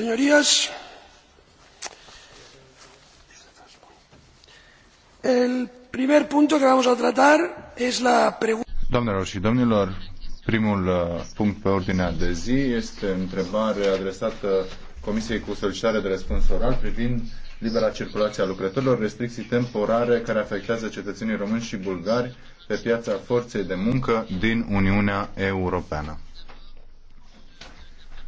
Señorías, el primer punto que vamos a tratar es la pregunta. Doamnelor și domnilor, primul uh, punct pe ordinea de zi este întrebare adresată Comisiei cu solicitare de răspuns oral privind libera circulație a lucrătorilor, restricții temporare care afectează cetățenii români și bulgari pe piața forței de muncă din Uniunea Europeană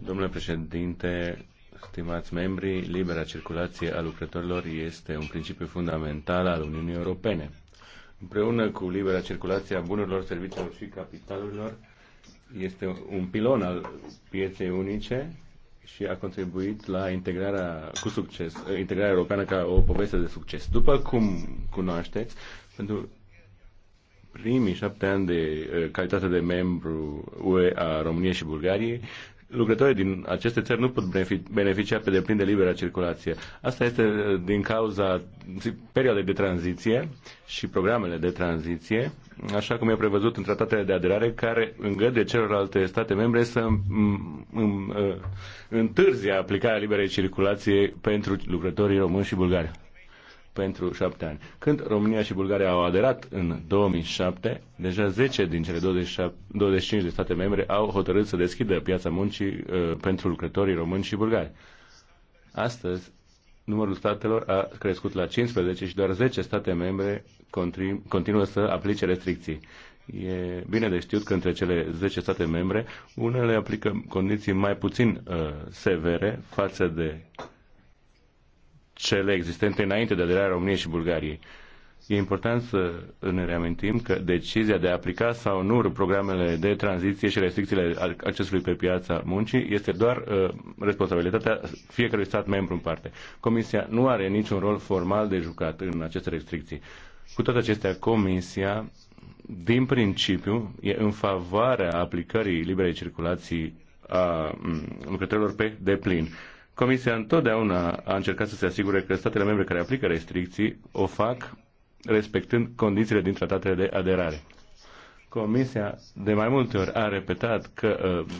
Domnule președinte, stimați membri, libera circulație a lucrătorilor este un principiu fundamental al Uniunii Europene. Împreună cu libera circulație a bunurilor, serviciilor și capitalurilor, este un pilon al pieței unice și a contribuit la integrarea cu succes, integrarea europeană ca o poveste de succes. După cum cunoașteți, pentru primii șapte ani de uh, calitate de membru UE a României și Bulgariei, lucrătorii din aceste țări nu pot beneficia pe deplin de libera circulație. Asta este uh, din cauza perioadei de tranziție și programele de tranziție, așa cum e prevăzut în tratatele de aderare, care îngăduie celorlalte state membre să mm, mm, uh, întârzie aplicarea liberei circulației pentru lucrătorii români și bulgari pentru șapte ani. Când România și Bulgaria au aderat în 2007, deja 10 din cele 27, 25 de state membre au hotărât să deschidă piața muncii uh, pentru lucrătorii români și bulgari. Astăzi, numărul statelor a crescut la 15 și doar 10 state membre continuă să aplice restricții. E bine de știut că între cele 10 state membre, unele aplică condiții mai puțin uh, severe față de cele existente înainte de aderarea României și Bulgariei. E important să ne reamintim că decizia de a aplica sau nu programele de tranziție și restricțiile accesului pe piața muncii este doar uh, responsabilitatea fiecărui stat membru în parte. Comisia nu are niciun rol formal de jucat în aceste restricții. Cu toate acestea, Comisia, din principiu, e în favoarea aplicării liberei circulații a mm, lucrătorilor pe deplin. Comisia întotdeauna a încercat să se asigure că statele membre care aplică restricții o fac respectând condițiile din tratatele de aderare. Comisia de mai multe ori a repetat că uh,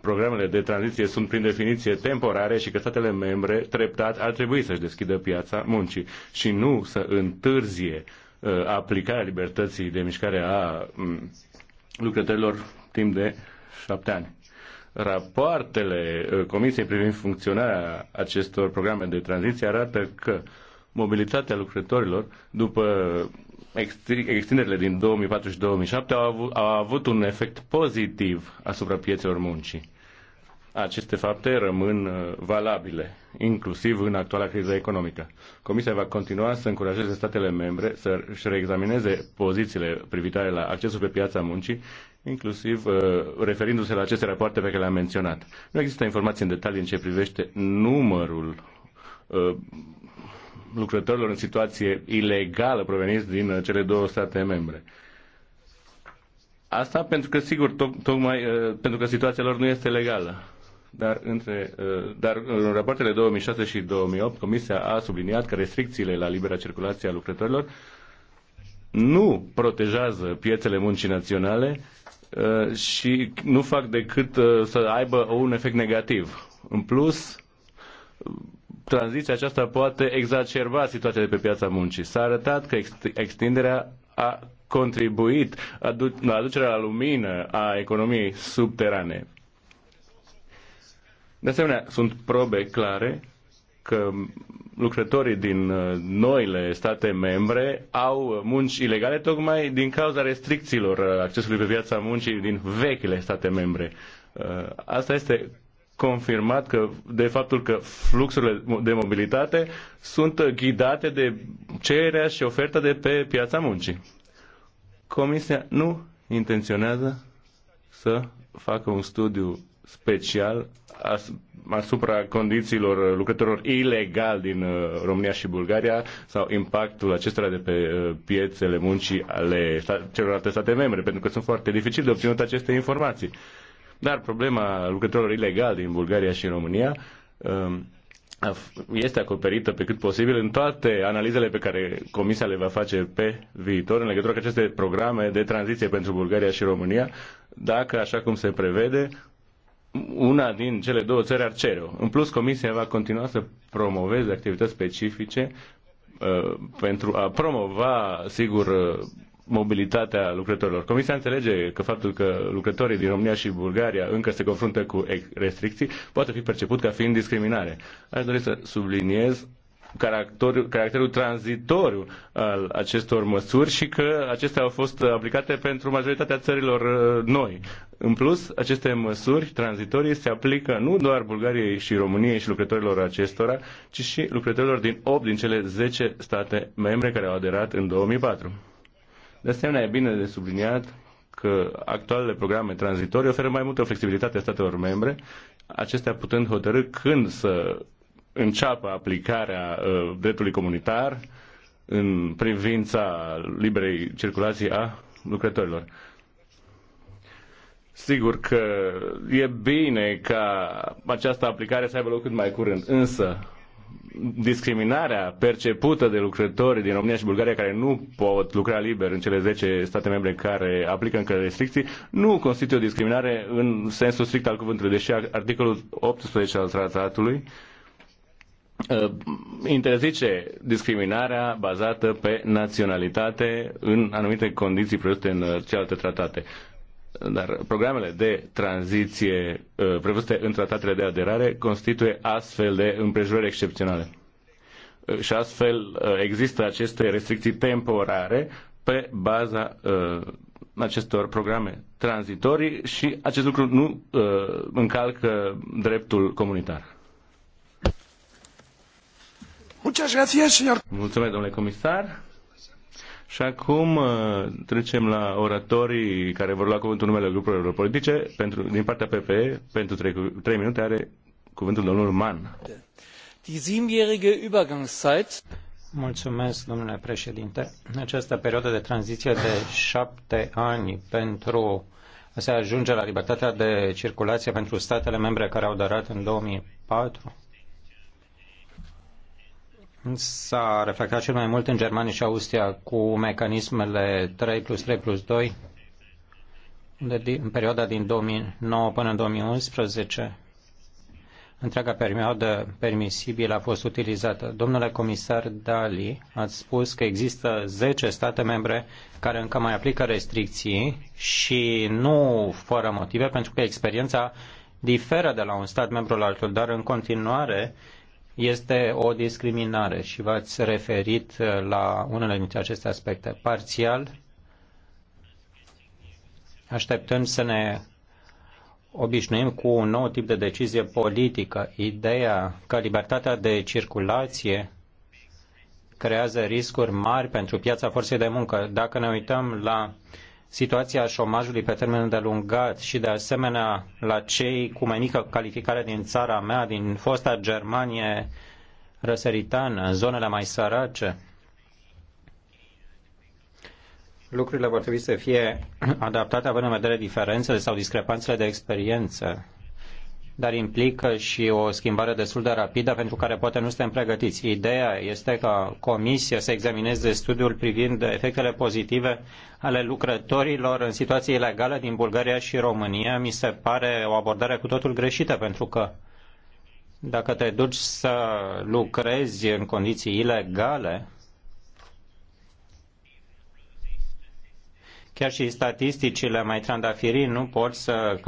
programele de tranziție sunt prin definiție temporare și că statele membre treptat ar trebui să-și deschidă piața muncii și nu să întârzie uh, aplicarea libertății de mișcare a um, lucrătorilor timp de șapte ani. Rapoartele uh, Comisiei privind funcționarea acestor programe de tranziție arată că mobilitatea lucrătorilor după extinderile din 2004 și 2007 au avut, au avut un efect pozitiv asupra piețelor muncii aceste fapte rămân uh, valabile, inclusiv în actuala criză economică. Comisia va continua să încurajeze statele membre să își reexamineze pozițiile privitoare la accesul pe piața muncii, inclusiv uh, referindu-se la aceste rapoarte pe care le-am menționat. Nu există informații în detalii în ce privește numărul uh, lucrătorilor în situație ilegală proveniți din cele două state membre. Asta pentru că, sigur, tocmai uh, pentru că situația lor nu este legală dar, între, uh, dar în rapoartele 2006 și 2008 Comisia a subliniat că restricțiile la libera circulație a lucrătorilor nu protejează piețele muncii naționale uh, și nu fac decât uh, să aibă un efect negativ. În plus, tranziția aceasta poate exacerba situația de pe piața muncii. S-a arătat că extinderea a contribuit la aducerea la lumină a economiei subterane. De asemenea, sunt probe clare că lucrătorii din uh, noile state membre au munci ilegale tocmai din cauza restricțiilor uh, accesului pe piața muncii din vechile state membre. Uh, asta este confirmat că de faptul că fluxurile de mobilitate sunt ghidate de cererea și oferta de pe piața muncii. Comisia nu intenționează să facă un studiu special asupra condițiilor lucrătorilor ilegali din uh, România și Bulgaria sau impactul acestora de pe uh, piețele muncii ale celorlalte state membre, pentru că sunt foarte dificil de obținut aceste informații. Dar problema lucrătorilor ilegali din Bulgaria și România um, este acoperită pe cât posibil în toate analizele pe care Comisia le va face pe viitor în legătură cu aceste programe de tranziție pentru Bulgaria și România, dacă, așa cum se prevede, una din cele două țări ar cere-o. În plus, Comisia va continua să promoveze activități specifice uh, pentru a promova, sigur, uh, mobilitatea lucrătorilor. Comisia înțelege că faptul că lucrătorii din România și Bulgaria încă se confruntă cu restricții poate fi perceput ca fiind discriminare. Aș dori să subliniez caracterul, caracterul tranzitoriu al acestor măsuri și că acestea au fost aplicate pentru majoritatea țărilor uh, noi. În plus, aceste măsuri tranzitorii se aplică nu doar Bulgariei și României și lucrătorilor acestora, ci și lucrătorilor din 8 din cele 10 state membre care au aderat în 2004. De asemenea, e bine de subliniat că actualele programe tranzitorii oferă mai multă flexibilitate statelor membre, acestea putând hotărâ când să înceapă aplicarea uh, dreptului comunitar în privința liberei circulații a lucrătorilor. Sigur că e bine ca această aplicare să aibă loc cât mai curând, însă discriminarea percepută de lucrători din România și Bulgaria care nu pot lucra liber în cele 10 state membre care aplică încă restricții nu constituie o discriminare în sensul strict al cuvântului, deși articolul 18 al tratatului uh, Uh, interzice discriminarea bazată pe naționalitate în anumite condiții prevăzute în uh, celelalte tratate. Dar programele de tranziție uh, prevăzute în tratatele de aderare constituie astfel de împrejurări excepționale. Și astfel există aceste restricții temporare pe baza acestor programe tranzitorii și acest lucru nu încalcă dreptul comunitar. Mulțumesc, domnule comisar. Și acum uh, trecem la oratorii care vor lua cuvântul numele grupurilor politice. Pentru, din partea PPE, pentru 3, minute, are cuvântul domnul Mann. Mulțumesc, domnule președinte. În această perioadă de tranziție de șapte ani pentru a se ajunge la libertatea de circulație pentru statele membre care au dărat în 2004, s-a reflectat cel mai mult în Germania și Austria cu mecanismele 3 plus 3 plus 2 de, în perioada din 2009 până în 2011. Întreaga perioadă permisibilă a fost utilizată. Domnule comisar Dali, ați spus că există 10 state membre care încă mai aplică restricții și nu fără motive, pentru că experiența diferă de la un stat membru la altul, dar în continuare este o discriminare și v-ați referit la unele dintre aceste aspecte. Parțial, așteptăm să ne obișnuim cu un nou tip de decizie politică. Ideea că libertatea de circulație creează riscuri mari pentru piața forței de muncă. Dacă ne uităm la situația șomajului pe termen îndelungat și de asemenea la cei cu mai mică calificare din țara mea, din fosta Germanie răsăritană, zonele mai sărace. Lucrurile vor trebui să fie adaptate având în vedere diferențele sau discrepanțele de experiență dar implică și o schimbare destul de rapidă pentru care poate nu suntem pregătiți. Ideea este ca Comisia să examineze studiul privind efectele pozitive ale lucrătorilor în situații ilegale din Bulgaria și România. Mi se pare o abordare cu totul greșită pentru că dacă te duci să lucrezi în condiții ilegale, Chiar și statisticile mai trandafirii nu pot să,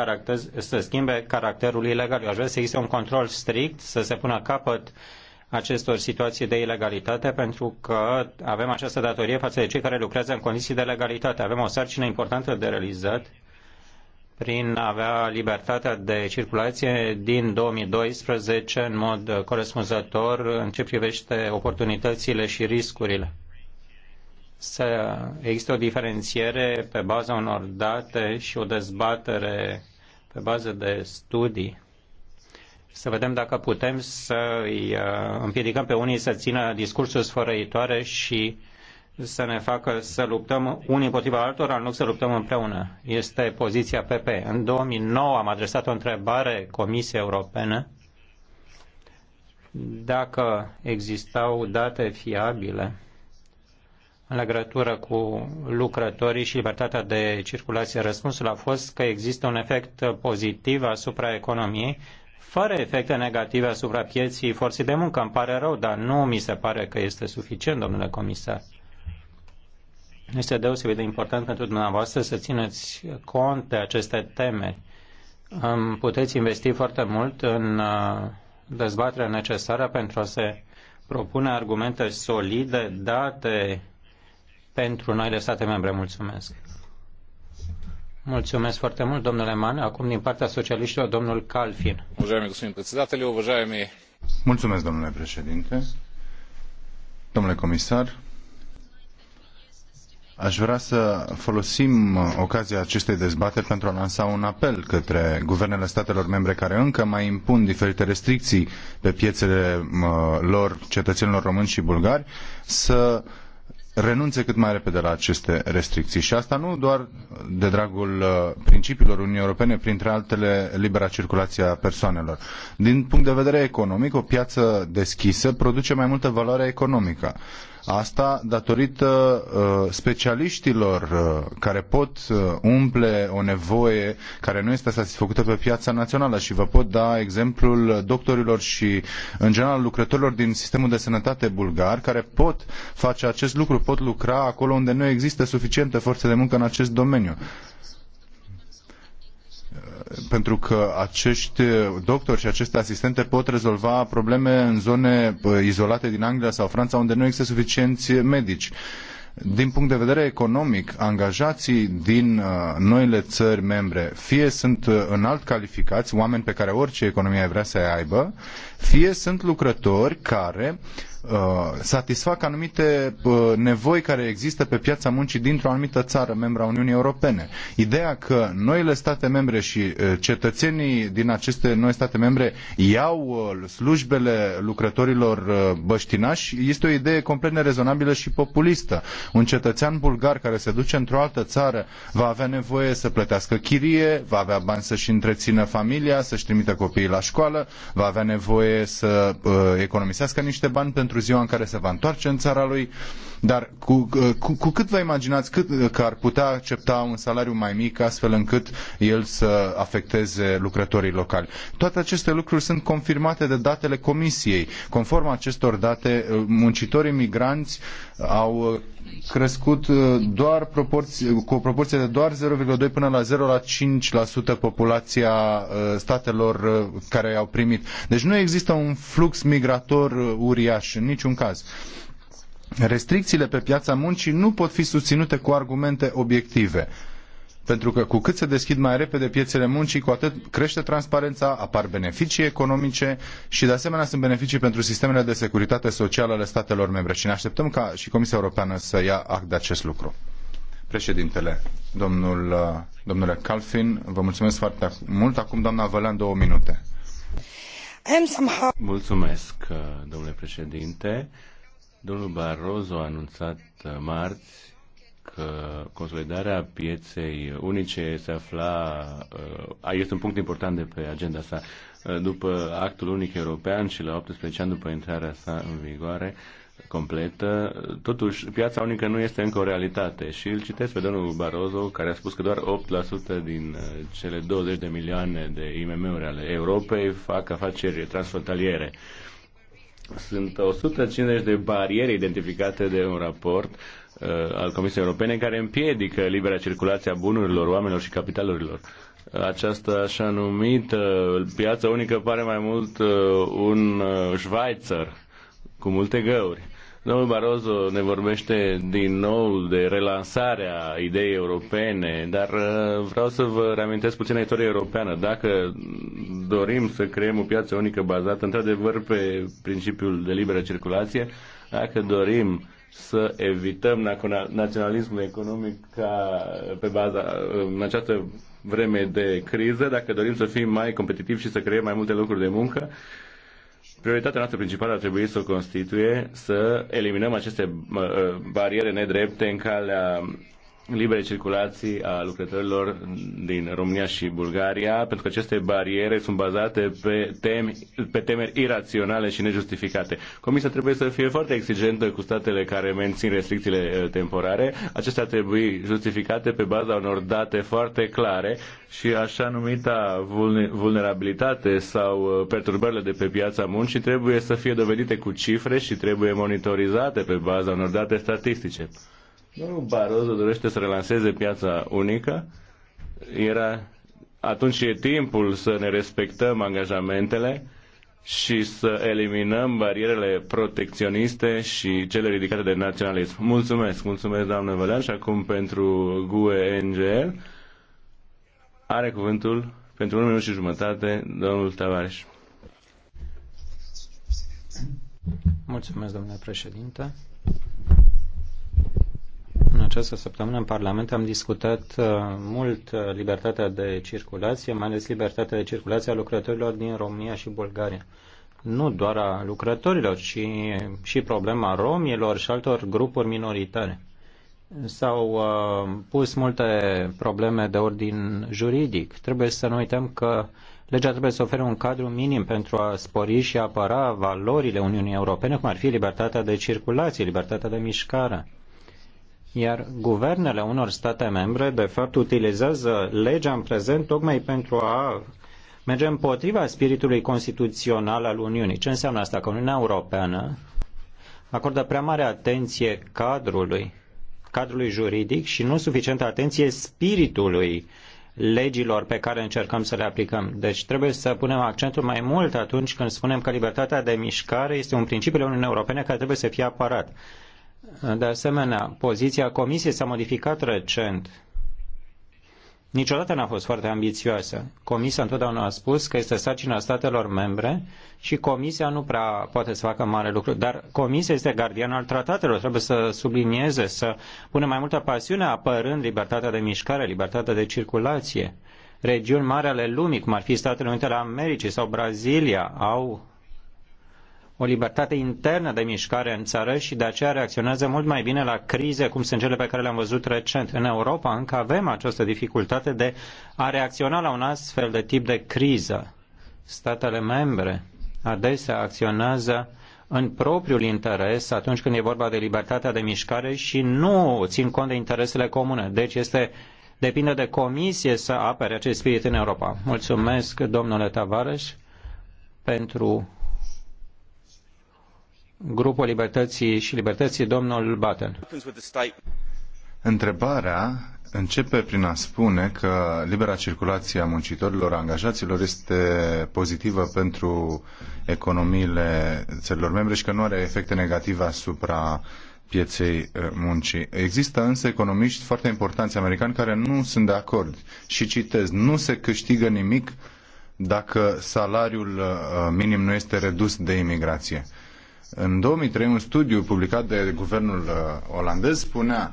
să schimbe caracterul ilegal. Eu aș vrea să existe un control strict, să se pună capăt acestor situații de ilegalitate pentru că avem această datorie față de cei care lucrează în condiții de legalitate. Avem o sarcină importantă de realizat prin a avea libertatea de circulație din 2012 în mod corespunzător în ce privește oportunitățile și riscurile să există o diferențiere pe baza unor date și o dezbatere pe bază de studii. Să vedem dacă putem să îi uh, împiedicăm pe unii să țină discursul sfărăitoare și să ne facă să luptăm unii împotriva altora, în loc să luptăm împreună. Este poziția PP. În 2009 am adresat o întrebare Comisiei Europene dacă existau date fiabile în legătură cu lucrătorii și libertatea de circulație. Răspunsul a fost că există un efect pozitiv asupra economiei, fără efecte negative asupra pieții forței de muncă. Îmi pare rău, dar nu mi se pare că este suficient, domnule comisar. Este deosebit de important pentru dumneavoastră să țineți cont de aceste teme. Puteți investi foarte mult în uh, dezbaterea necesară pentru a se propune argumente solide, date pentru noile state membre. Mulțumesc. Mulțumesc foarte mult, domnule Man. Acum, din partea socialiștilor, domnul Calfin. Mulțumesc, domnule președinte. Domnule comisar, Aș vrea să folosim ocazia acestei dezbateri pentru a lansa un apel către guvernele statelor membre care încă mai impun diferite restricții pe piețele lor cetățenilor români și bulgari să renunțe cât mai repede la aceste restricții. Și asta nu doar de dragul uh, principiilor Uniunii Europene, printre altele libera circulație a persoanelor. Din punct de vedere economic, o piață deschisă produce mai multă valoare economică. Asta datorită uh, specialiștilor uh, care pot uh, umple o nevoie care nu este satisfăcută pe piața națională și vă pot da exemplul doctorilor și în general lucrătorilor din sistemul de sănătate bulgar care pot face acest lucru, pot lucra acolo unde nu există suficientă forță de muncă în acest domeniu pentru că acești doctori și aceste asistente pot rezolva probleme în zone izolate din Anglia sau Franța unde nu există suficienți medici. Din punct de vedere economic, angajații din uh, noile țări membre fie sunt uh, înalt calificați, oameni pe care orice economie vrea să-i aibă, fie sunt lucrători care Uh, satisfac anumite uh, nevoi care există pe piața muncii dintr-o anumită țară membra Uniunii Europene. Ideea că noile state membre și uh, cetățenii din aceste noi state membre iau slujbele lucrătorilor băștinași este o idee complet nerezonabilă și populistă. Un cetățean bulgar care se duce într-o altă țară va avea nevoie să plătească chirie, va avea bani să-și întrețină familia, să-și trimită copiii la școală, va avea nevoie să economisească niște bani pentru pentru ziua în care se va întoarce în țara lui dar cu, uh, cu, cu cât vă imaginați cât, uh, că ar putea accepta un salariu mai mic astfel încât el să afecteze lucrătorii locali? Toate aceste lucruri sunt confirmate de datele Comisiei. Conform acestor date, uh, muncitorii migranți au crescut doar proporție, cu o proporție de doar 0,2 până la 0 la 5% populația statelor care i-au primit. Deci nu există un flux migrator uriaș în niciun caz restricțiile pe piața muncii nu pot fi susținute cu argumente obiective. Pentru că cu cât se deschid mai repede piețele muncii, cu atât crește transparența, apar beneficii economice și de asemenea sunt beneficii pentru sistemele de securitate socială ale statelor membre. Și ne așteptăm ca și Comisia Europeană să ia act de acest lucru. Președintele, domnul, domnule Calfin, vă mulțumesc foarte mult. Acum, doamna Vălean, două minute. Mulțumesc, domnule președinte. Domnul Barroso a anunțat uh, marți că consolidarea pieței unice se afla, uh, este un punct important de pe agenda sa. Uh, după actul unic european și la 18 ani după intrarea sa în vigoare completă, totuși piața unică nu este încă o realitate și îl citesc pe domnul Barroso care a spus că doar 8% din cele 20 de milioane de IMM-uri ale Europei fac afaceri transfrontaliere. Uh, sunt 150 de bariere identificate de un raport uh, al Comisiei Europene care împiedică libera circulație a bunurilor, oamenilor și capitalurilor. Această așa numită piață unică pare mai mult uh, un uh, Schweizer cu multe găuri. Domnul Barroso ne vorbește din nou de relansarea ideii europene, dar uh, vreau să vă reamintesc puțin istoria europeană. Dacă dorim să creăm o piață unică bazată într-adevăr pe principiul de liberă circulație, dacă dorim să evităm naționalismul economic ca pe baza uh, în această vreme de criză, dacă dorim să fim mai competitivi și să creăm mai multe locuri de muncă, Prioritatea noastră principală ar trebui să o constituie să eliminăm aceste bariere nedrepte în calea libere circulații a lucrătorilor din România și Bulgaria, pentru că aceste bariere sunt bazate pe, temi, pe temeri iraționale și nejustificate. Comisia trebuie să fie foarte exigentă cu statele care mențin restricțiile uh, temporare. Acestea trebuie justificate pe baza unor date foarte clare și așa numita vulnerabilitate sau uh, perturbările de pe piața muncii trebuie să fie dovedite cu cifre și trebuie monitorizate pe baza unor date statistice. Domnul Barozo dorește să relanseze piața unică. Era atunci e timpul să ne respectăm angajamentele și să eliminăm barierele protecționiste și cele ridicate de naționalism. Mulțumesc, mulțumesc doamnă Vălean și acum pentru GUE NGL are cuvântul pentru un minut și jumătate domnul Tavares. Mulțumesc, domnule președinte această săptămână în Parlament am discutat uh, mult uh, libertatea de circulație, mai ales libertatea de circulație a lucrătorilor din România și Bulgaria. Nu doar a lucrătorilor, ci și problema romilor și altor grupuri minoritare. S-au uh, pus multe probleme de ordin juridic. Trebuie să nu uităm că legea trebuie să ofere un cadru minim pentru a spori și apăra valorile Uniunii Europene, cum ar fi libertatea de circulație, libertatea de mișcare iar guvernele unor state membre, de fapt, utilizează legea în prezent tocmai pentru a merge împotriva spiritului constituțional al Uniunii. Ce înseamnă asta? Că Uniunea Europeană acordă prea mare atenție cadrului, cadrului juridic și nu suficientă atenție spiritului legilor pe care încercăm să le aplicăm. Deci trebuie să punem accentul mai mult atunci când spunem că libertatea de mișcare este un principiu al Uniunii Europene care trebuie să fie apărat. De asemenea, poziția Comisiei s-a modificat recent. Niciodată n-a fost foarte ambițioasă. Comisia întotdeauna a spus că este sarcina statelor membre și Comisia nu prea poate să facă mare lucru. Dar Comisia este gardian al tratatelor, trebuie să sublinieze, să pună mai multă pasiune apărând libertatea de mișcare, libertatea de circulație. Regiuni mari ale lumii, cum ar fi Statele Unite ale Americii sau Brazilia, au o libertate internă de mișcare în țară și de aceea reacționează mult mai bine la crize cum sunt cele pe care le-am văzut recent. În Europa încă avem această dificultate de a reacționa la un astfel de tip de criză. Statele membre adesea acționează în propriul interes atunci când e vorba de libertatea de mișcare și nu țin cont de interesele comune. Deci este depinde de comisie să apere acest spirit în Europa. Mulțumesc, domnule Tavares, pentru Grupul Libertății și Libertății, domnul Batten. Întrebarea începe prin a spune că libera circulație a muncitorilor, a angajaților este pozitivă pentru economiile țărilor membre și că nu are efecte negative asupra pieței eh, muncii. Există însă economiști foarte importanți americani care nu sunt de acord și citez, nu se câștigă nimic dacă salariul eh, minim nu este redus de imigrație. În 2003, un studiu publicat de guvernul uh, olandez spunea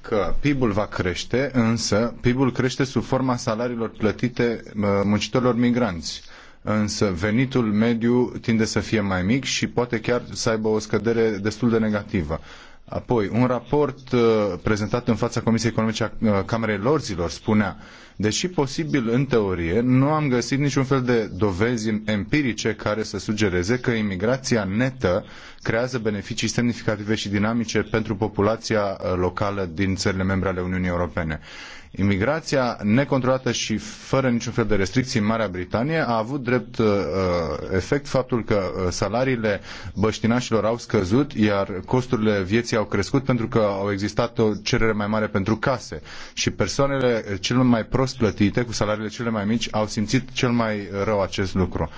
că PIB-ul va crește, însă PIB-ul crește sub forma salariilor plătite uh, muncitorilor migranți. Însă venitul mediu tinde să fie mai mic și poate chiar să aibă o scădere destul de negativă. Apoi, un raport uh, prezentat în fața Comisiei Economice a uh, Camerei Lorzilor spunea, deși posibil în teorie, nu am găsit niciun fel de dovezi empirice care să sugereze că imigrația netă creează beneficii semnificative și dinamice pentru populația uh, locală din țările membre ale Uniunii Europene. Imigrația necontrolată și fără niciun fel de restricții în Marea Britanie a avut drept uh, efect faptul că uh, salariile băștinașilor au scăzut, iar costurile vieții au crescut pentru că au existat o cerere mai mare pentru case. Și persoanele cel mai prost plătite, cu salariile cele mai mici, au simțit cel mai rău acest lucru. Uh,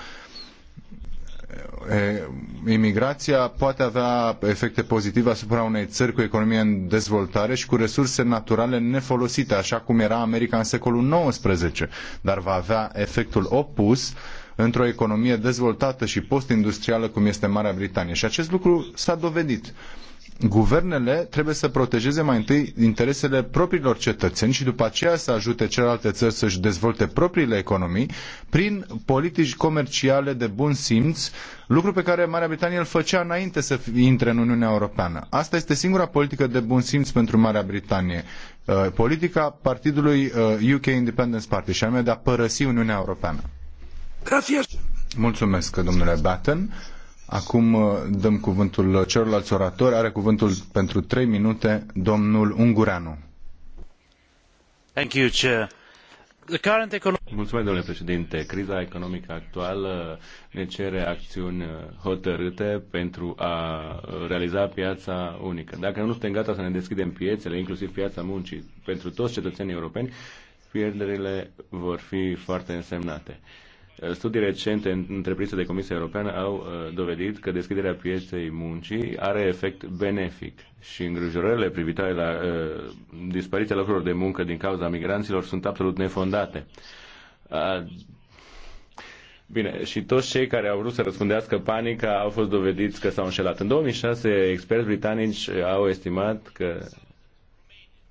imigrația poate avea efecte pozitive asupra unei țări cu economie în dezvoltare și cu resurse naturale nefolosite, așa cum era America în secolul XIX, dar va avea efectul opus într-o economie dezvoltată și postindustrială cum este Marea Britanie. Și acest lucru s-a dovedit. Uh, guvernele trebuie să protejeze mai întâi interesele propriilor cetățeni și după aceea să ajute celelalte țări să-și dezvolte propriile economii prin politici comerciale de bun simț, lucru pe care Marea Britanie îl făcea înainte să intre în Uniunea Europeană. Asta este singura politică de bun simț pentru Marea Britanie. Uh, politica partidului UK uh, Independence Party și anume de a părăsi Uniunea Europeană. Mulțumesc, domnule Batten. Acum uh, dăm cuvântul uh, celorlalți oratori. Are cuvântul pentru 3 minute domnul Ungureanu. Thank you, Chair. Mulțumesc, domnule președinte. Criza economică actuală ne cere acțiuni uh, hotărâte pentru a realiza piața unică. Dacă nu suntem gata să ne deschidem piețele, inclusiv piața muncii, pentru toți cetățenii europeni, pierderile vor fi foarte însemnate. Studii recente întreprinse de Comisia Europeană au uh, dovedit că deschiderea pieței muncii are efect benefic și îngrijorările privitoare la uh, dispariția locurilor de muncă din cauza migranților sunt absolut nefondate. Uh, Bine, și toți cei care au vrut să răspundească panica au fost dovediți că s-au înșelat. În 2006, experți britanici au estimat că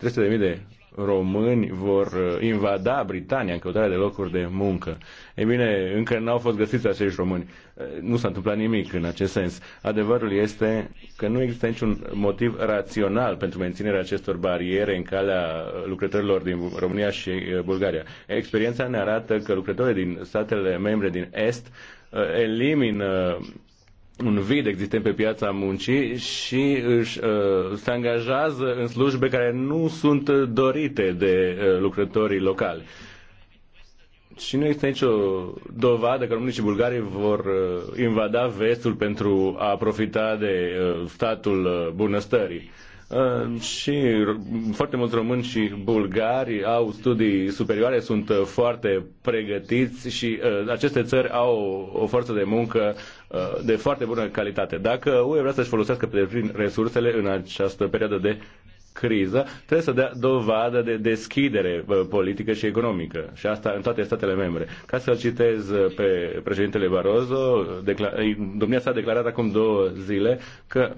300.000 de români vor uh, invada Britania în căutarea de locuri de muncă. Ei bine, încă n-au fost găsiți acești români. Uh, nu s-a întâmplat nimic în acest sens. Adevărul este că nu există niciun motiv rațional pentru menținerea acestor bariere în calea uh, lucrătorilor din România și Bulgaria. Experiența ne arată că lucrătorii din statele membre din Est elimină un vid existent pe piața muncii și își, uh, se angajează în slujbe care nu sunt dorite de uh, lucrătorii locali. Și nu există nicio dovadă că românii și bulgarii vor uh, invada vestul pentru a profita de uh, statul uh, bunăstării. Uh, Uh, și foarte mulți români și bulgari au studii superioare, sunt uh, foarte pregătiți și uh, aceste țări au o forță de muncă de foarte bună calitate. Dacă UE vrea să-și folosească pe deplin resursele în această perioadă de criză, trebuie să dea dovadă de deschidere politică și economică. Și asta în toate statele membre. Ca să-l citez pe președintele Barroso, domnia s-a declarat acum două zile că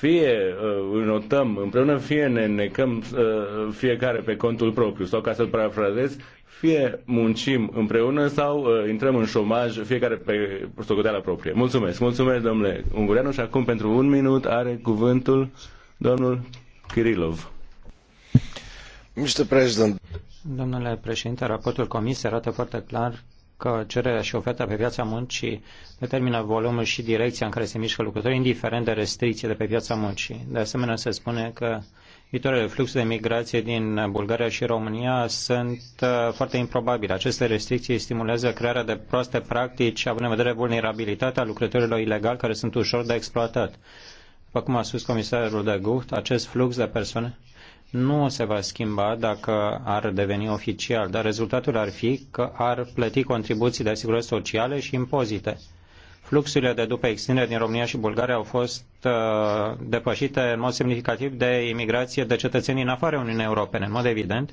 fie uh, notăm împreună, fie ne necăm uh, fiecare pe contul propriu sau, ca să-l parafrazez, fie muncim împreună sau uh, intrăm în șomaj fiecare pe socoteala proprie. Mulțumesc, mulțumesc domnule Ungureanu și acum pentru un minut are cuvântul domnul Kirilov. Mr. President. Domnule președinte, raportul comisiei arată foarte clar că cererea și oferta pe piața muncii determină volumul și direcția în care se mișcă lucrătorii, indiferent de restricții de pe piața muncii. De asemenea, se spune că viitoarele fluxuri de migrație din Bulgaria și România sunt uh, foarte improbabile. Aceste restricții stimulează crearea de proaste practici, având în vedere vulnerabilitatea lucrătorilor ilegali care sunt ușor de exploatat. După cum a spus comisarul de Gucht, acest flux de persoane nu se va schimba dacă ar deveni oficial, dar rezultatul ar fi că ar plăti contribuții de asigurări sociale și impozite. Fluxurile de după extindere din România și Bulgaria au fost uh, depășite în mod semnificativ de imigrație de cetățenii în afara Uniunii Europene. În mod evident,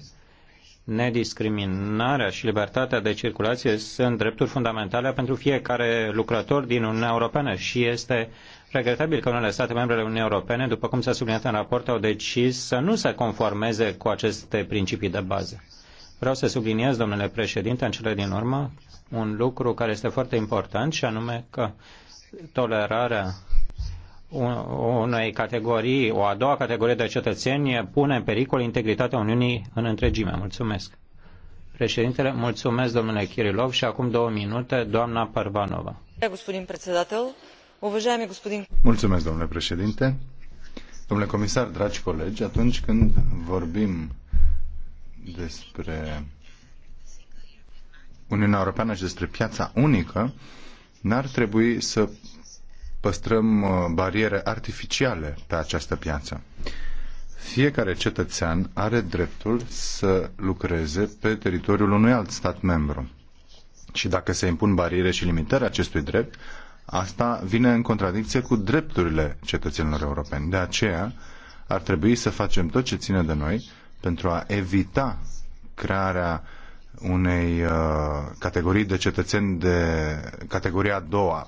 nediscriminarea și libertatea de circulație sunt drepturi fundamentale pentru fiecare lucrător din Uniunea Europeană și este regretabil că unele state membre ale Uniunii Europene, după cum s-a subliniat în raport, au decis să nu se conformeze cu aceste principii de bază. Vreau să subliniez, domnule președinte, în cele din urmă, un lucru care este foarte important și anume că tolerarea unei categorii, o a doua categorie de cetățeni pune în pericol integritatea Uniunii în întregime. Mulțumesc. Președintele, mulțumesc domnule Kirilov și acum două minute doamna Parvanova. Mulțumesc, domnule președinte. Domnule comisar, dragi colegi, atunci când vorbim despre Uniunea Europeană și despre piața unică, n-ar trebui să păstrăm uh, bariere artificiale pe această piață. Fiecare cetățean are dreptul să lucreze pe teritoriul unui alt stat membru. Și dacă se impun bariere și limitări acestui drept, asta vine în contradicție cu drepturile cetățenilor europeni. De aceea, ar trebui să facem tot ce ține de noi pentru a evita crearea unei uh, categorii de cetățeni de categoria a doua,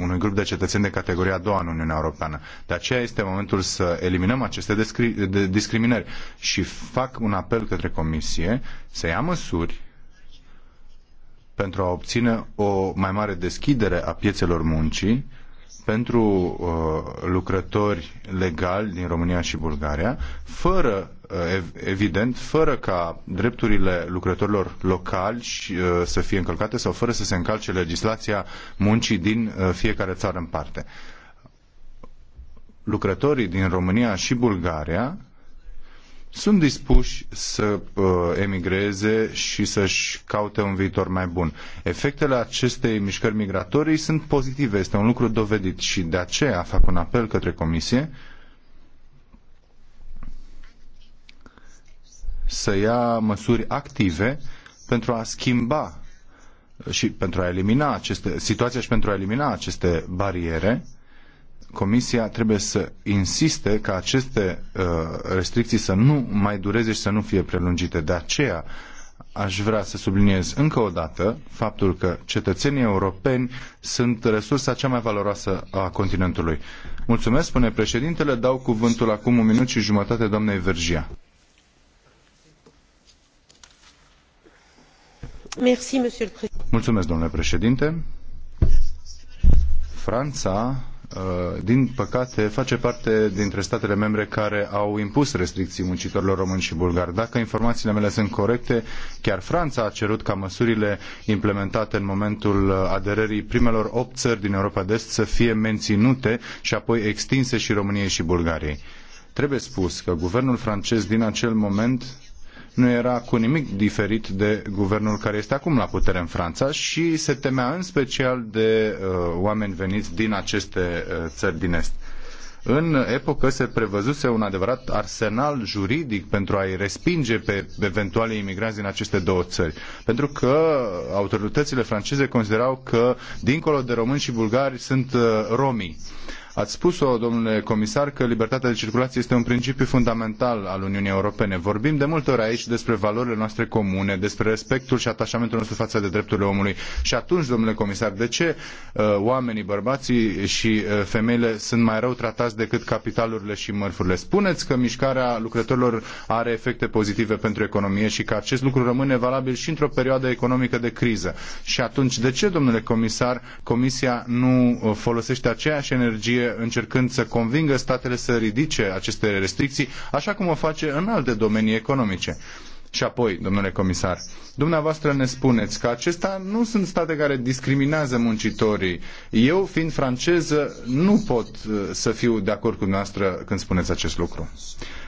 unui grup de cetățeni de categoria a doua în Uniunea Europeană. De aceea este momentul să eliminăm aceste discriminări și fac un apel către Comisie să ia măsuri pentru a obține o mai mare deschidere a piețelor muncii pentru uh, lucrători legali din România și Bulgaria, fără uh, evident, fără ca drepturile lucrătorilor locali uh, să fie încălcate sau fără să se încalce legislația muncii din uh, fiecare țară în parte. Lucrătorii din România și Bulgaria sunt dispuși să uh, emigreze și să-și caute un viitor mai bun. Efectele acestei mișcări migratorii sunt pozitive, este un lucru dovedit și de aceea fac un apel către Comisie să ia măsuri active pentru a schimba și pentru a elimina aceste situația și pentru a elimina aceste bariere Comisia trebuie să insiste ca aceste uh, restricții să nu mai dureze și să nu fie prelungite. De aceea aș vrea să subliniez încă o dată faptul că cetățenii europeni sunt resursa cea mai valoroasă a continentului. Mulțumesc, spune președintele. Dau cuvântul acum un minut și jumătate doamnei Vergia. Mulțumesc, domnule președinte. Franța Uh, din păcate, face parte dintre statele membre care au impus restricții muncitorilor români și bulgari. Dacă informațiile mele sunt corecte, chiar Franța a cerut ca măsurile implementate în momentul aderării primelor opt țări din Europa de Est să fie menținute și apoi extinse și României și Bulgariei. Trebuie spus că guvernul francez din acel moment nu era cu nimic diferit de guvernul care este acum la putere în Franța și se temea în special de uh, oameni veniți din aceste uh, țări din Est. În epocă se prevăzuse un adevărat arsenal juridic pentru a-i respinge pe eventuale imigranți din aceste două țări. Pentru că autoritățile franceze considerau că, dincolo de români și bulgari, sunt uh, romii. Ați spus-o, domnule comisar, că libertatea de circulație este un principiu fundamental al Uniunii Europene. Vorbim de multe ori aici despre valorile noastre comune, despre respectul și atașamentul nostru față de drepturile omului. Și atunci, domnule comisar, de ce uh, oamenii, bărbații și uh, femeile sunt mai rău tratați decât capitalurile și mărfurile? Spuneți că mișcarea lucrătorilor are efecte pozitive pentru economie și că acest lucru rămâne valabil și într-o perioadă economică de criză. Și atunci, de ce, domnule comisar, Comisia nu uh, folosește aceeași energie încercând să convingă statele să ridice aceste restricții, așa cum o face în alte domenii economice. Și apoi, domnule comisar, dumneavoastră ne spuneți că acestea nu sunt state care discriminează muncitorii. Eu, fiind franceză, nu pot uh, să fiu de acord cu dumneavoastră când spuneți acest lucru.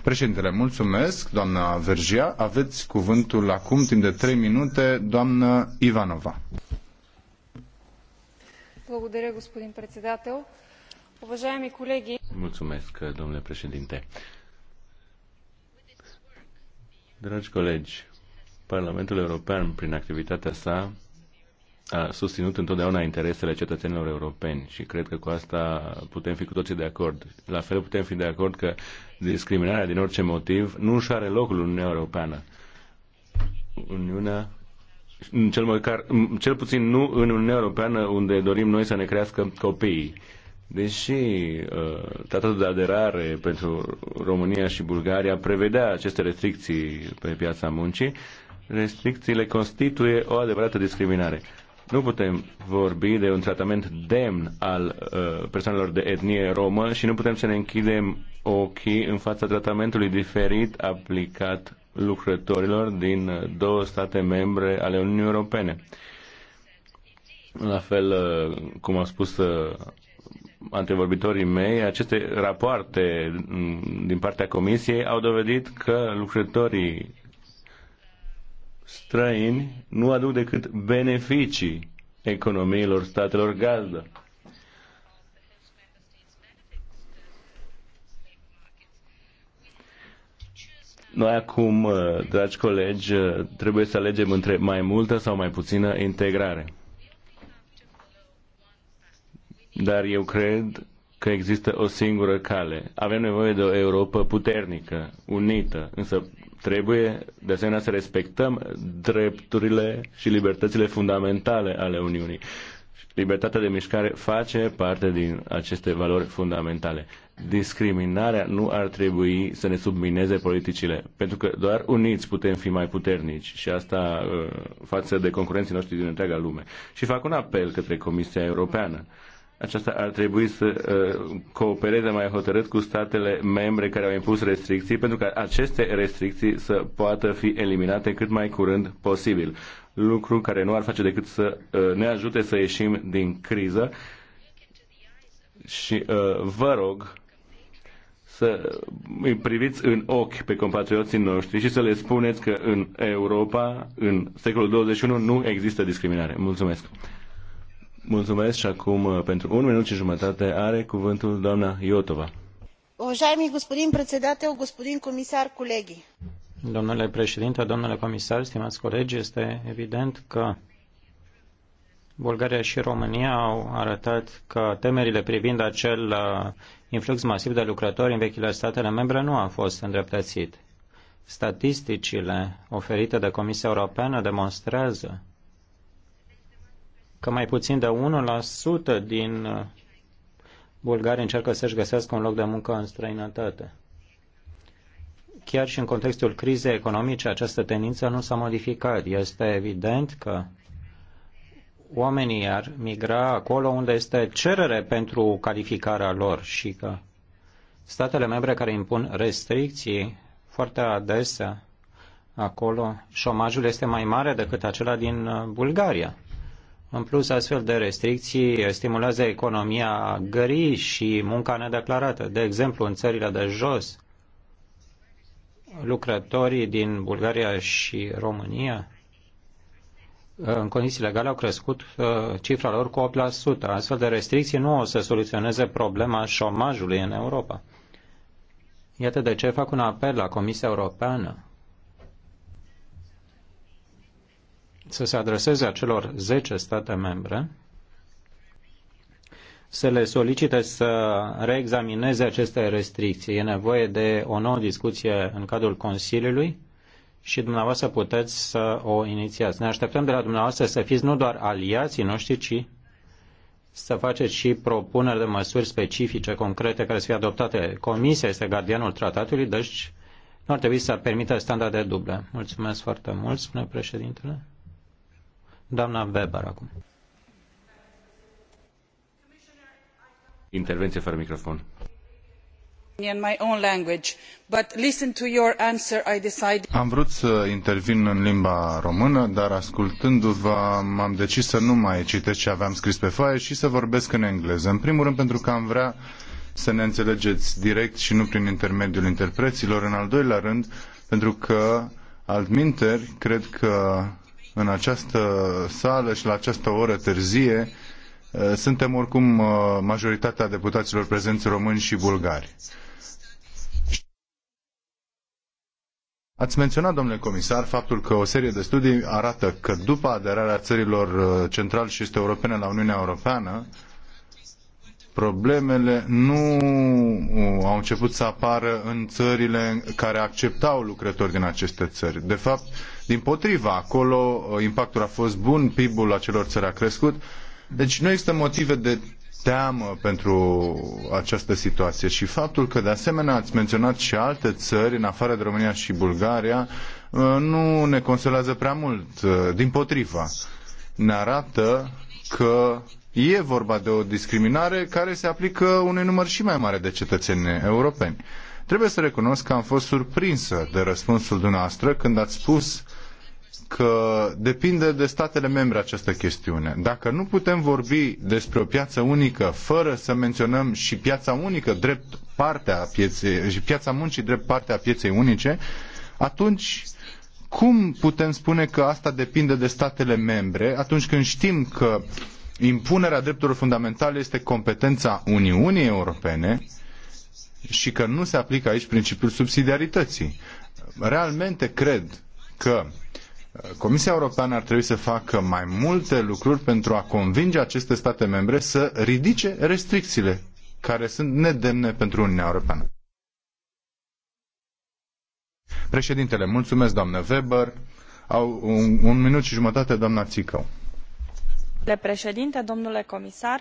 Președintele, mulțumesc, doamna Vergia. Aveți cuvântul acum, timp de 3 minute, doamnă Ivanova. Благодаря, господин председател. Mulțumesc, domnule președinte. Dragi colegi, Parlamentul European, prin activitatea sa, a susținut întotdeauna interesele cetățenilor europeni și cred că cu asta putem fi cu toții de acord. La fel putem fi de acord că discriminarea din orice motiv nu își are locul în Uniunea Europeană. Uniunea cel, măcar, cel puțin nu în Uniunea Europeană unde dorim noi să ne crească copiii Deși uh, tratatul de aderare pentru România și Bulgaria prevedea aceste restricții pe piața muncii, restricțiile constituie o adevărată discriminare. Nu putem vorbi de un tratament demn al uh, persoanelor de etnie romă și nu putem să ne închidem ochii în fața tratamentului diferit aplicat lucrătorilor din uh, două state membre ale Uniunii Europene. La fel, uh, cum a spus uh, antevorbitorii mei, aceste rapoarte din partea Comisiei au dovedit că lucrătorii străini nu aduc decât beneficii economiilor statelor gazdă. Noi acum, dragi colegi, trebuie să alegem între mai multă sau mai puțină integrare. Dar eu cred că există o singură cale. Avem nevoie de o Europa puternică, unită, însă trebuie de asemenea să respectăm drepturile și libertățile fundamentale ale Uniunii. Libertatea de mișcare face parte din aceste valori fundamentale. Discriminarea nu ar trebui să ne submineze politicile, pentru că doar uniți putem fi mai puternici și asta uh, față de concurenții noștri din întreaga lume. Și fac un apel către Comisia Europeană. Uh, aceasta ar trebui să uh, coopereze mai hotărât cu statele membre care au impus restricții, pentru că aceste restricții să poată fi eliminate cât mai curând posibil. Lucru care nu ar face decât să uh, ne ajute să ieșim din criză. Și uh, vă rog să îi priviți în ochi pe compatrioții noștri și să le spuneți că în Europa, în secolul 21, nu există discriminare. Mulțumesc! Mulțumesc și acum uh, pentru un minut și jumătate are cuvântul doamna Iotova. Уважаеми господин председател, господин комисар, колеги. Domnule președinte, domnule comisar, stimați colegi, este evident că Bulgaria și România au arătat că temerile privind acel uh, influx masiv de lucrători în vechile statele membre nu a fost îndreptățit. Statisticile oferite de Comisia Europeană demonstrează că mai puțin de 1% din uh, bulgari încearcă să-și găsească un loc de muncă în străinătate. Chiar și în contextul crizei economice, această tendință nu s-a modificat. Este evident că oamenii ar migra acolo unde este cerere pentru calificarea lor și că statele membre care impun restricții foarte adesea acolo, șomajul este mai mare decât acela din uh, Bulgaria. În plus, astfel de restricții stimulează economia gării și munca nedeclarată. De exemplu, în țările de jos, lucrătorii din Bulgaria și România în condiții legale au crescut uh, cifra lor cu 8%. Astfel de restricții nu o să soluționeze problema șomajului în Europa. Iată de ce fac un apel la Comisia Europeană să se adreseze acelor 10 state membre să le solicite să reexamineze aceste restricții. E nevoie de o nouă discuție în cadrul Consiliului și dumneavoastră puteți să o inițiați. Ne așteptăm de la dumneavoastră să fiți nu doar aliații noștri, ci să faceți și propuneri de măsuri specifice, concrete, care să fie adoptate. Comisia este gardianul tratatului, deci nu ar trebui să permită standarde duble. Mulțumesc foarte mult, spune președintele. Doamna Weber acum. Intervenție fără microfon. Am vrut să intervin în limba română, dar ascultându-vă m-am decis să nu mai citesc ce aveam scris pe foaie și să vorbesc în engleză. În primul rând pentru că am vrea să ne înțelegeți direct și nu prin intermediul interpreților. În al doilea rând, pentru că altminteri, cred că în această sală și la această oră târzie, uh, suntem oricum uh, majoritatea deputaților prezenți români și bulgari. Ați menționat, domnule comisar, faptul că o serie de studii arată că după aderarea țărilor uh, central și este europene la Uniunea Europeană, problemele nu au început să apară în țările care acceptau lucrători din aceste țări. De fapt, din potriva, acolo uh, impactul a fost bun, PIB-ul acelor țări a crescut. Deci nu există motive de teamă pentru această situație și faptul că de asemenea ați menționat și alte țări în afară de România și Bulgaria uh, nu ne consolează prea mult, uh, din potriva. Ne arată că e vorba de o discriminare care se aplică unui număr și mai mare de cetățeni europeni. Trebuie să recunosc că am fost surprinsă de răspunsul dumneavoastră când ați spus uh, că depinde de statele membre această chestiune. Dacă nu putem vorbi despre o piață unică fără să menționăm și piața unică drept partea pieței, și piața muncii drept partea pieței unice, atunci cum putem spune că asta depinde de statele membre atunci când știm că impunerea drepturilor fundamentale este competența Uniunii Europene și că nu se aplică aici principiul subsidiarității? Realmente cred că Comisia Europeană ar trebui să facă mai multe lucruri pentru a convinge aceste state membre să ridice restricțiile care sunt nedemne pentru Uniunea Europeană. Președintele, mulțumesc, doamnă Weber. Au un, un minut și jumătate, doamna Țicău. președinte, domnule comisar,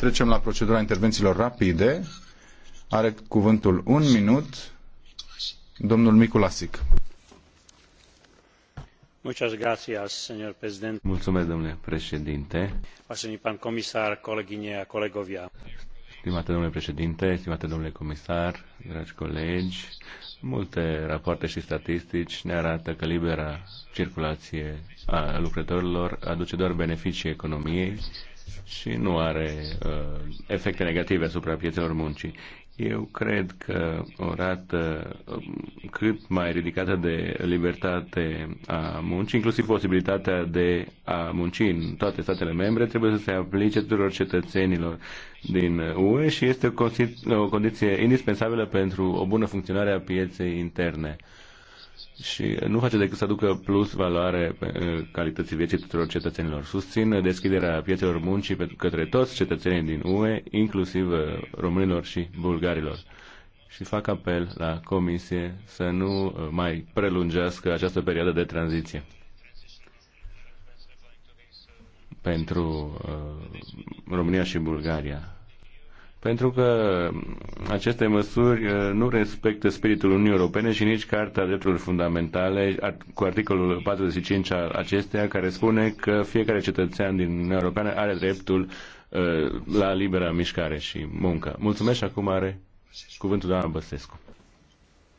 Trecem la procedura intervențiilor rapide. Are cuvântul un minut domnul Miculasic. Muchas gracias, señor presidente. Mulțumesc, domnule președinte. Vážený pan comisar, kolegyně colegovia. Stimate domnule președinte, stimate domnule comisar, dragi colegi, multe rapoarte și statistici ne arată că libera circulație a lucrătorilor aduce doar beneficii economiei și nu are uh, efecte negative asupra pieților muncii. Eu cred că o rată um, cât mai ridicată de libertate a muncii, inclusiv posibilitatea de a munci în toate statele membre, trebuie să se aplice tuturor cetățenilor din UE și este o, o condiție indispensabilă pentru o bună funcționare a pieței interne și nu face decât să aducă plus valoare eh, calității vieții tuturor cetățenilor. Susțin deschiderea piețelor muncii către toți cetățenii din UE, inclusiv eh, românilor și bulgarilor. Și fac apel la Comisie să nu eh, mai prelungească această perioadă de tranziție pentru uh, România și Bulgaria pentru că aceste măsuri uh, nu respectă spiritul Uniunii Europene și nici Carta Drepturilor Fundamentale cu articolul 45 al acesteia care spune că fiecare cetățean din Uniunea Europeană are dreptul uh, la libera mișcare și muncă. Mulțumesc și acum are cuvântul doamna Băsescu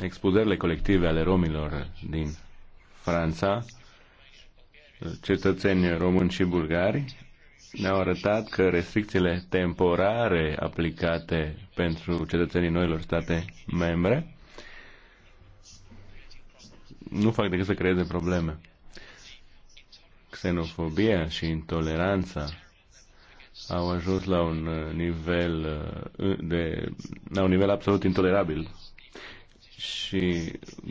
expuzările colective ale romilor din Franța, cetățeni români și bulgari, ne-au arătat că restricțiile temporare aplicate pentru cetățenii noilor state membre nu fac decât să creeze probleme. Xenofobia și intoleranța au ajuns la un nivel uh, de, la un nivel absolut intolerabil și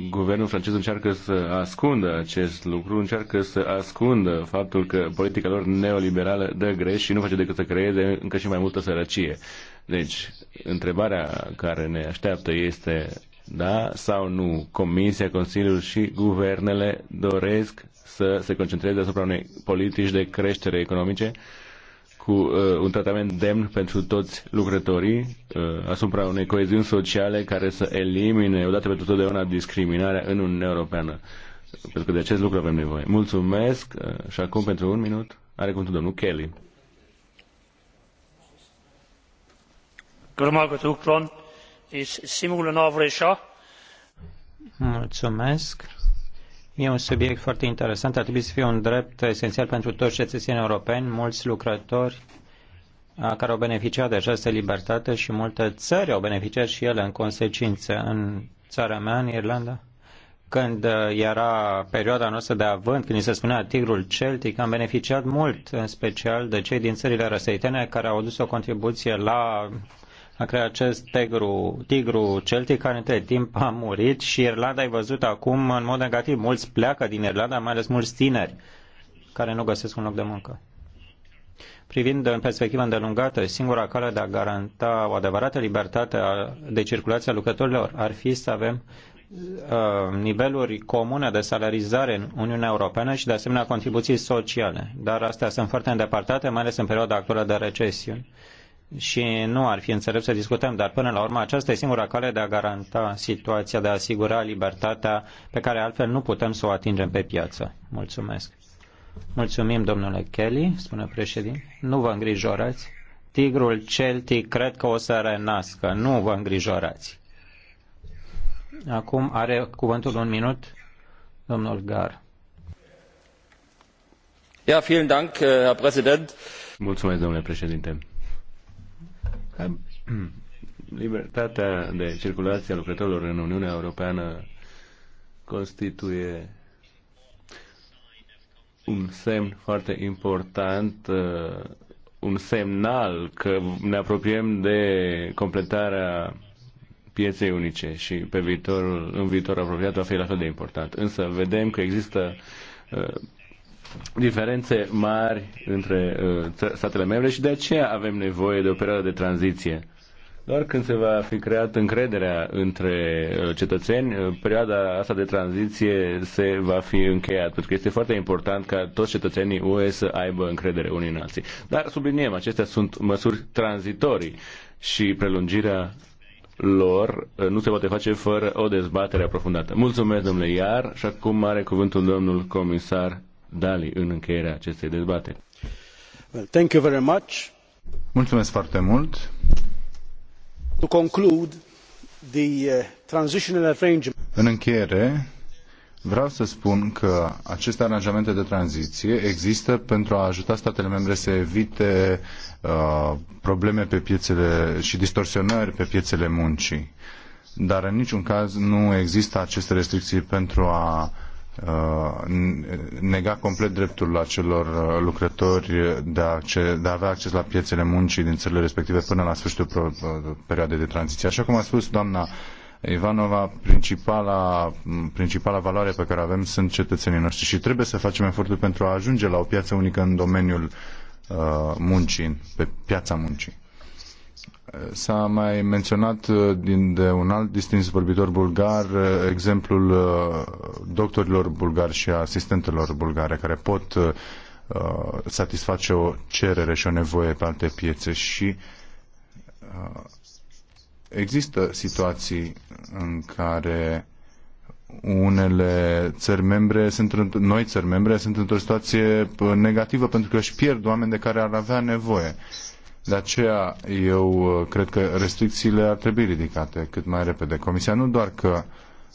guvernul francez încearcă să ascundă acest lucru, încearcă să ascundă faptul că politica lor neoliberală dă greș și nu face decât să creeze încă și mai multă sărăcie. Deci, întrebarea care ne așteaptă este da sau nu Comisia, Consiliul și guvernele doresc să se concentreze asupra unei politici de creștere economice cu uh, un tratament demn pentru toți lucrătorii, uh, asupra unei coeziuni sociale care să elimine odată pentru totdeauna discriminarea în Uniunea Europeană. Pentru că de acest lucru avem nevoie. Mulțumesc uh, și acum pentru un minut are cuvântul domnul Kelly. Mulțumesc. E un subiect foarte interesant, ar trebui să fie un drept esențial pentru toți cetățenii europeni, mulți lucrători uh, care au beneficiat de această libertate și multe țări au beneficiat și ele în consecință. În țara mea, în Irlanda, când uh, era perioada noastră de avânt, când ni se spunea tigrul celtic, am beneficiat mult, în special de cei din țările răsăitene care au adus o contribuție la a creat acest tigru, tigru celtic care între timp a murit și Irlanda ai văzut acum în mod negativ. Mulți pleacă din Irlanda, mai ales mulți tineri care nu găsesc un loc de muncă. Privind în perspectivă îndelungată, singura cale de a garanta o adevărată libertate de circulație a lucrătorilor ar fi să avem uh, niveluri comune de salarizare în Uniunea Europeană și de asemenea contribuții sociale. Dar astea sunt foarte îndepărtate, mai ales în perioada actuală de recesiune și nu ar fi înțelept să discutăm, dar până la urmă aceasta e singura cale de a garanta situația, de a asigura libertatea pe care altfel nu putem să o atingem pe piață. Mulțumesc. Mulțumim, domnule Kelly, spune președinte. Nu vă îngrijorați. Tigrul celtic cred că o să renască. Nu vă îngrijorați. Acum are cuvântul un minut domnul Gar. Ja, vielen Dank, Herr Präsident. Mulțumesc, domnule președinte libertatea de circulație a lucrătorilor în Uniunea Europeană constituie un semn foarte important, uh, un semnal că ne apropiem de completarea pieței unice și pe viitorul, în viitor apropiat va fi la fel de important. Însă vedem că există uh, diferențe mari între uh, statele membre și de aceea avem nevoie de o perioadă de tranziție. Doar când se va fi creat încrederea între uh, cetățeni, uh, perioada asta de tranziție se va fi încheiat, pentru că este foarte important ca toți cetățenii UE să aibă încredere unii în alții. Dar subliniem, acestea sunt măsuri tranzitorii și prelungirea lor nu se poate face fără o dezbatere aprofundată. Mulțumesc, domnule Iar, și acum are cuvântul domnul comisar Dali în încheierea acestei dezbateri. Well, thank you very much. Mulțumesc foarte mult. To conclude the uh, transitional arrangement. În încheiere, vreau să spun că aceste aranjamente de tranziție există pentru a ajuta statele membre să evite uh, probleme pe piețele și distorsionări pe piețele muncii dar în niciun caz nu există aceste restricții pentru a Uh, nega complet dreptul acelor uh, lucrători de a, acce, de a avea acces la piețele muncii din țările respective până la sfârșitul uh, perioadei de tranziție. Așa cum a spus doamna Ivanova, principala, principala valoare pe care avem sunt cetățenii noștri și trebuie să facem efortul pentru a ajunge la o piață unică în domeniul uh, muncii, pe piața muncii. S-a mai menționat uh, din de un alt distins vorbitor bulgar uh, exemplul uh, doctorilor bulgari și asistentelor bulgare care pot satisface o cerere și o nevoie pe alte piețe și există situații în care unele țări membre sunt noi țări membre sunt într-o situație negativă pentru că își pierd oameni de care ar avea nevoie. Uh, de aceea eu uh, cred că restricțiile ar trebui ridicate cât mai repede. Comisia nu doar că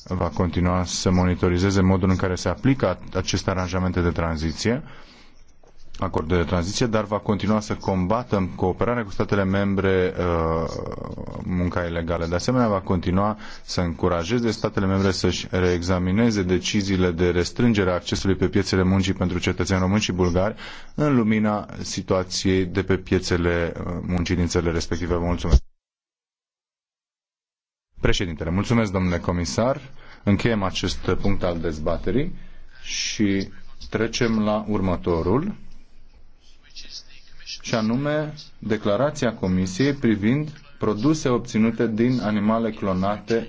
va continua să monitorizeze modul în care se aplică aceste aranjamente de tranziție, acordul de tranziție, dar va continua să combată în cooperare cu statele membre uh, munca ilegală. De asemenea, va continua să încurajeze statele membre să-și reexamineze deciziile de restrângere a accesului pe piețele muncii pentru cetățeni români și bulgari în lumina situației de pe piețele uh, muncii din țările respective. Vă mulțumesc. Președintele, mulțumesc, domnule comisar. Încheiem acest punct al dezbaterii și trecem la următorul și anume declarația Comisiei privind produse obținute din animale clonate